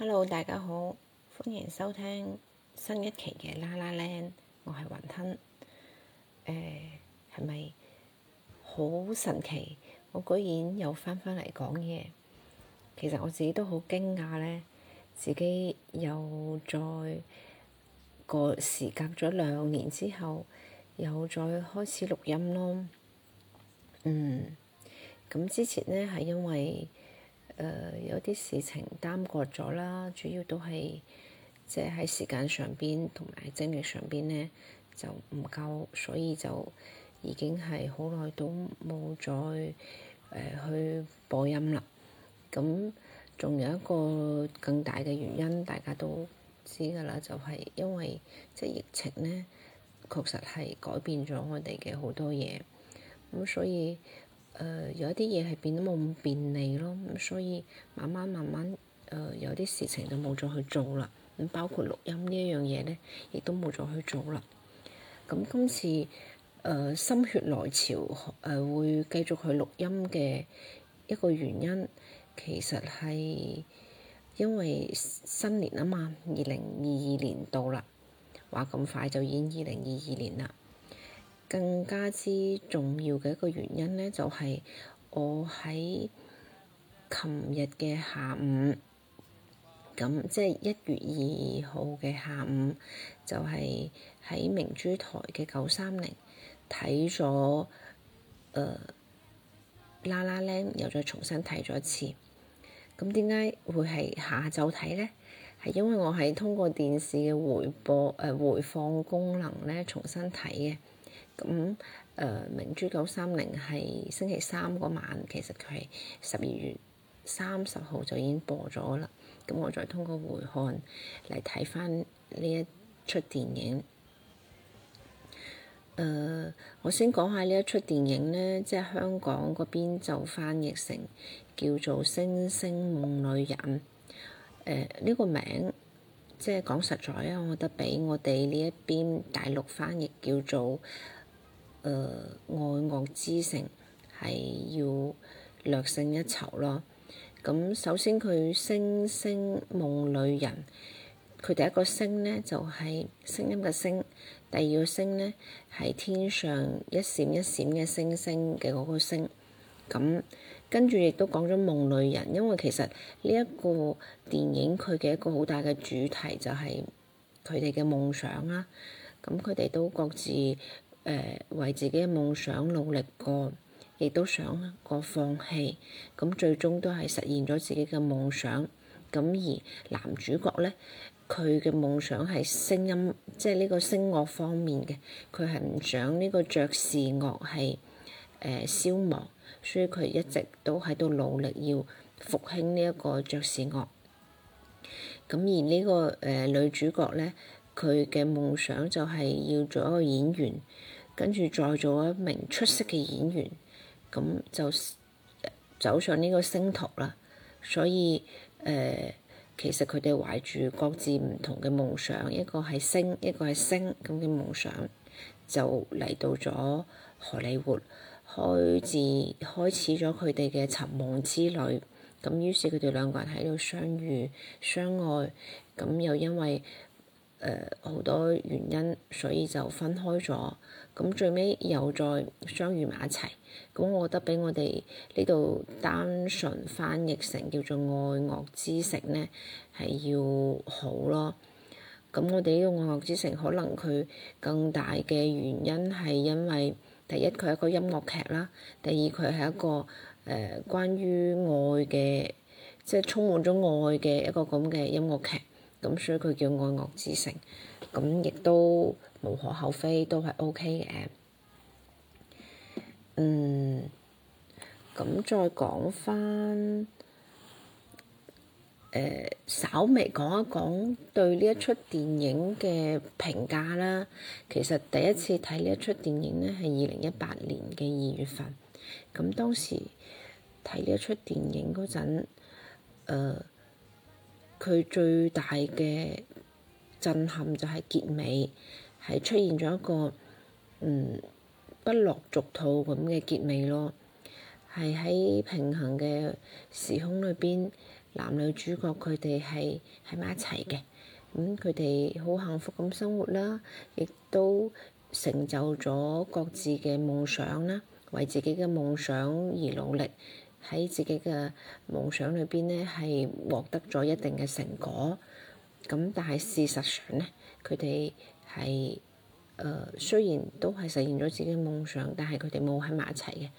Hello，大家好，歡迎收聽新一期嘅 La La Land，我係雲吞。誒、呃，係咪好神奇？我居然又翻返嚟講嘢。其實我自己都好驚訝咧，自己又再個時隔咗兩年之後，又再開始錄音咯。嗯，咁之前咧係因為。誒、呃、有啲事情耽擱咗啦，主要都係即係喺時間上邊同埋精力上邊咧就唔夠，所以就已經係好耐都冇再誒、呃、去播音啦。咁仲有一個更大嘅原因，大家都知㗎啦，就係、是、因為即係、就是、疫情咧，確實係改變咗我哋嘅好多嘢，咁所以。誒、呃、有啲嘢係變得冇咁便利咯，咁所以慢慢慢慢誒、呃、有啲事情就冇再去做啦，咁包括錄音呢一樣嘢咧，亦都冇再去做啦。咁今次誒、呃、心血來潮誒、呃、會繼續去錄音嘅一個原因，其實係因為新年啊嘛，二零二二年到啦，話咁快就已經二零二二年啦。更加之重要嘅一個原因咧，就係我喺琴日嘅下午，咁即係一月二號嘅下午，就係、是、喺明珠台嘅九三零睇咗啦啦咧，呃、La La Land，又再重新睇咗一次。咁點解會係下晝睇咧？係因為我係通過電視嘅回播誒、呃、回放功能咧，重新睇嘅。咁誒，呃《明珠九三零》係星期三嗰晚，其實佢係十二月三十號就已經播咗啦。咁我再通過回看嚟睇返呢一出電影。誒、呃，我先講下呢一出電影咧，即係香港嗰邊就翻譯成叫做《星星夢裡人》。誒、呃，呢、這個名即係講實在咧，我覺得比我哋呢一邊大陸翻譯叫做。誒，愛樂之城係要略勝一籌咯。咁首先佢星星夢裡人，佢第一個星呢，就係、是、聲音嘅星，第二個星呢，係天上一閃一閃嘅星星嘅嗰個星。咁跟住亦都講咗夢裡人，因為其實呢一個電影佢嘅一個好大嘅主題就係佢哋嘅夢想啦。咁佢哋都各自。誒為自己嘅夢想努力過，亦都想過放棄，咁最終都係實現咗自己嘅夢想。咁而男主角咧，佢嘅夢想係聲音，即係呢個聲樂方面嘅，佢係唔想呢個爵士樂係誒消亡，所以佢一直都喺度努力要復興呢一個爵士樂。咁而呢個誒女主角咧，佢嘅夢想就係要做一個演員。跟住再做一名出色嘅演員，咁就走上呢個星途啦。所以，誒、呃，其實佢哋懷住各自唔同嘅夢想，一個係星，一個係星咁嘅夢想，就嚟到咗荷里活，開始開始咗佢哋嘅尋夢之旅。咁於是佢哋兩個人喺度相遇、相愛，咁又因為，誒好多原因，所以就分開咗。咁最尾又再相遇埋一齊，咁我覺得比我哋呢度單純翻譯成叫做《愛樂之城》咧，係要好咯。咁我哋呢個《愛樂之城》可能佢更大嘅原因係因為第一佢係一個音樂劇啦，第二佢係一個誒關於愛嘅，即係充滿咗愛嘅一個咁嘅音樂劇。咁所以佢叫愛樂之城，咁亦都無可厚非，都係 OK 嘅。嗯，咁再講返，誒、呃，稍微講一講對呢一出電影嘅評價啦。其實第一次睇呢一出電影咧，係二零一八年嘅二月份。咁當時睇呢一出電影嗰陣，誒、呃。佢最大嘅震撼就係結尾，係出現咗一個嗯、不落俗套咁嘅結尾咯，係喺平衡嘅時空裏邊，男女主角佢哋係喺埋一齊嘅，咁佢哋好幸福咁生活啦，亦都成就咗各自嘅夢想啦，為自己嘅夢想而努力。喺自己嘅夢想裏邊咧，係獲得咗一定嘅成果。咁但係事實上咧，佢哋係誒，雖然都係實現咗自己嘅夢想，但係佢哋冇喺埋一齊嘅。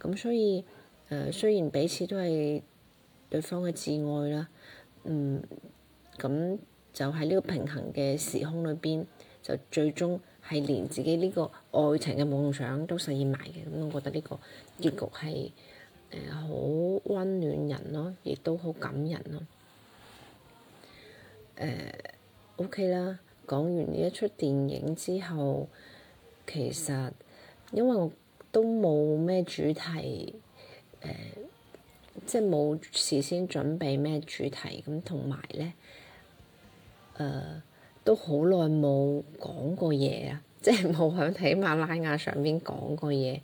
咁所以誒、呃，雖然彼此都係對方嘅摯愛啦，嗯，咁就喺呢個平衡嘅時空裏邊，就最終係連自己呢個愛情嘅夢想都實現埋嘅。咁我覺得呢個結局係～誒好溫暖人咯，亦都好感人咯。呃，OK 啦。講完呢一出電影之後，其實因為我都冇咩主題，呃、即係冇事先準備咩主題咁，同埋咧，誒、呃、都好耐冇講過嘢啊！即係冇喺喜馬拉雅上邊講過嘢，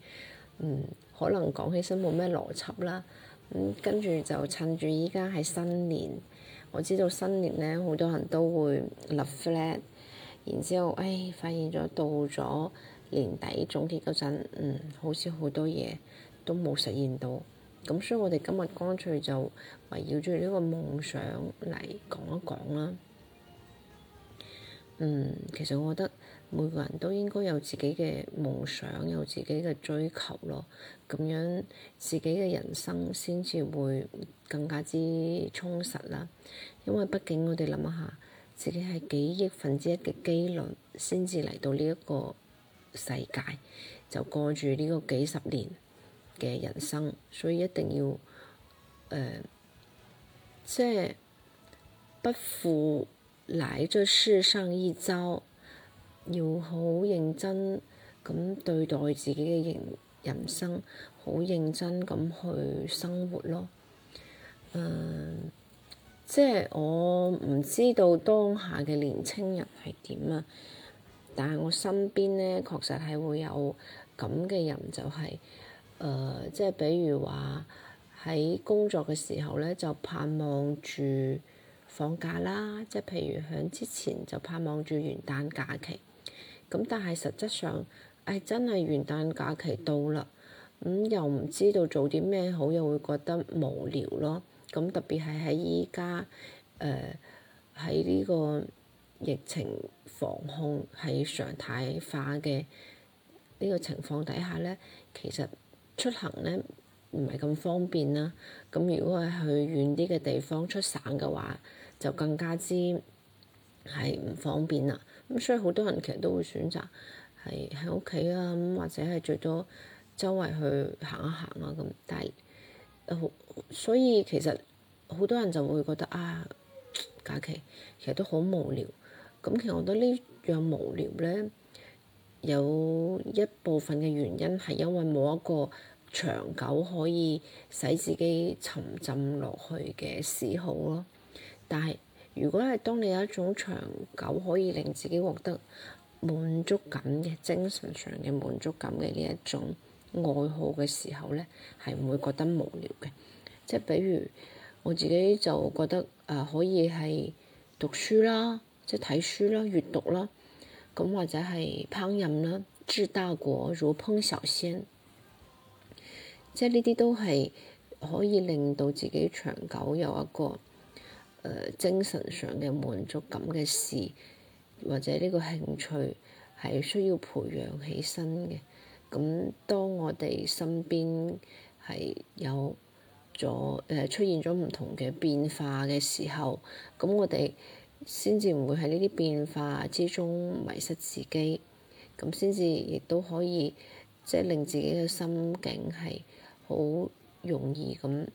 嗯。可能講起身冇咩邏輯啦，咁跟住就趁住依家係新年，我知道新年咧好多人都會立 flag，然之後誒、哎、發現咗到咗年底總結嗰陣，嗯，好似好多嘢都冇實現到，咁所以我哋今日乾脆就圍繞住呢個夢想嚟講一講啦。嗯，其實我覺得每個人都應該有自己嘅夢想，有自己嘅追求咯。咁樣自己嘅人生先至會更加之充實啦。因為畢竟我哋諗一下，自己係幾億分之一嘅機率先至嚟到呢一個世界，就過住呢個幾十年嘅人生，所以一定要誒、呃，即係不負。嚟咗世上一遭，要好認真咁對待自己嘅人生，好認真咁去生活咯。誒、嗯，即係我唔知道當下嘅年輕人係點啊。但係我身邊咧，確實係會有咁嘅人，就係、是、誒、呃，即係比如話喺工作嘅時候咧，就盼望住。放假啦，即係譬如響之前就盼望住元旦假期，咁但係實質上，誒、哎、真係元旦假期到啦，咁又唔知道做啲咩好，又會覺得無聊咯。咁特別係喺依家，誒喺呢個疫情防控係常態化嘅呢個情況底下咧，其實出行咧唔係咁方便啦。咁如果係去遠啲嘅地方出省嘅話，就更加之係唔方便啦，咁所以好多人其實都會選擇係喺屋企啊，或者係最多周圍去行一行啊咁，但係，所以其實好多人就會覺得啊，假期其實都好無聊，咁其實我覺得呢樣無聊咧有一部分嘅原因係因為冇一個長久可以使自己沉浸落去嘅嗜好咯。但係，如果係當你有一種長久可以令自己獲得滿足感嘅精神上嘅滿足感嘅呢一種愛好嘅時候咧，係唔會覺得無聊嘅。即係比如我自己就覺得啊、呃，可以係讀書啦，即係睇書啦、閲讀啦，咁或者係烹飪啦，治大國如烹小鮮，即係呢啲都係可以令到自己長久有一個。精神上嘅滿足感嘅事，或者呢個興趣係需要培養起身嘅。咁當我哋身邊係有咗誒、呃、出現咗唔同嘅變化嘅時候，咁我哋先至唔會喺呢啲變化之中迷失自己，咁先至亦都可以即係、就是、令自己嘅心境係好容易咁。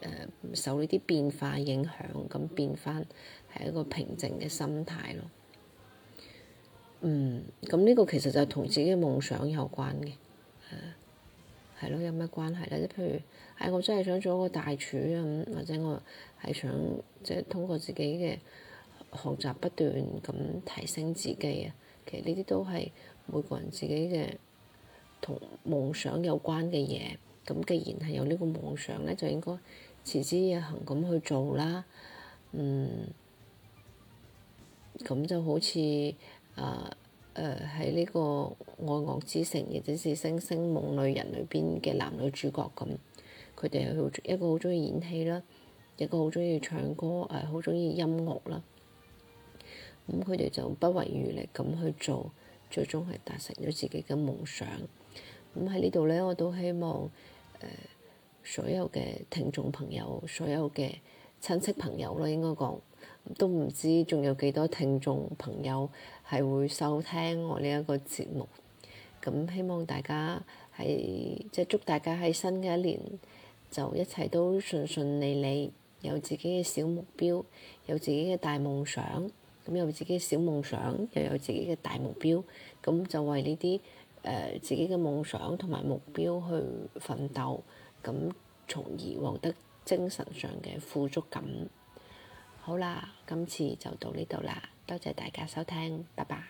誒受呢啲變化影響，咁變返係一個平靜嘅心態咯。嗯，咁呢個其實就同自己嘅夢想有關嘅。誒、嗯，係咯，有咩關係咧？即譬如，係、哎、我真係想做一個大廚啊，或者我係想即係、就是、通過自己嘅學習不斷咁提升自己啊。其實呢啲都係每個人自己嘅同夢想有關嘅嘢。咁既然係有呢個夢想咧，就應該持之以恒咁去做啦，嗯，咁就好似啊，誒、呃，喺、呃、呢個《愛樂之城》，亦即是星星夢裡人裏邊嘅男女主角咁，佢哋係好一個好鍾意演戲啦，一個好鍾意唱歌，誒好鍾意音樂啦，咁佢哋就不遺餘力咁去做，最終係達成咗自己嘅夢想。咁、嗯、喺呢度咧，我都希望誒。呃所有嘅聽眾朋友，所有嘅親戚朋友啦，應該講都唔知仲有幾多聽眾朋友係會收聽我呢一個節目。咁希望大家係即係祝大家喺新嘅一年就一切都順順利利，有自己嘅小目標，有自己嘅大夢想，咁有自己嘅小夢想，又有自己嘅大目標，咁就為呢啲誒自己嘅夢想同埋目標去奮鬥。咁，從而獲得精神上嘅富足感。好啦，今次就到呢度啦，多謝大家收聽，拜拜。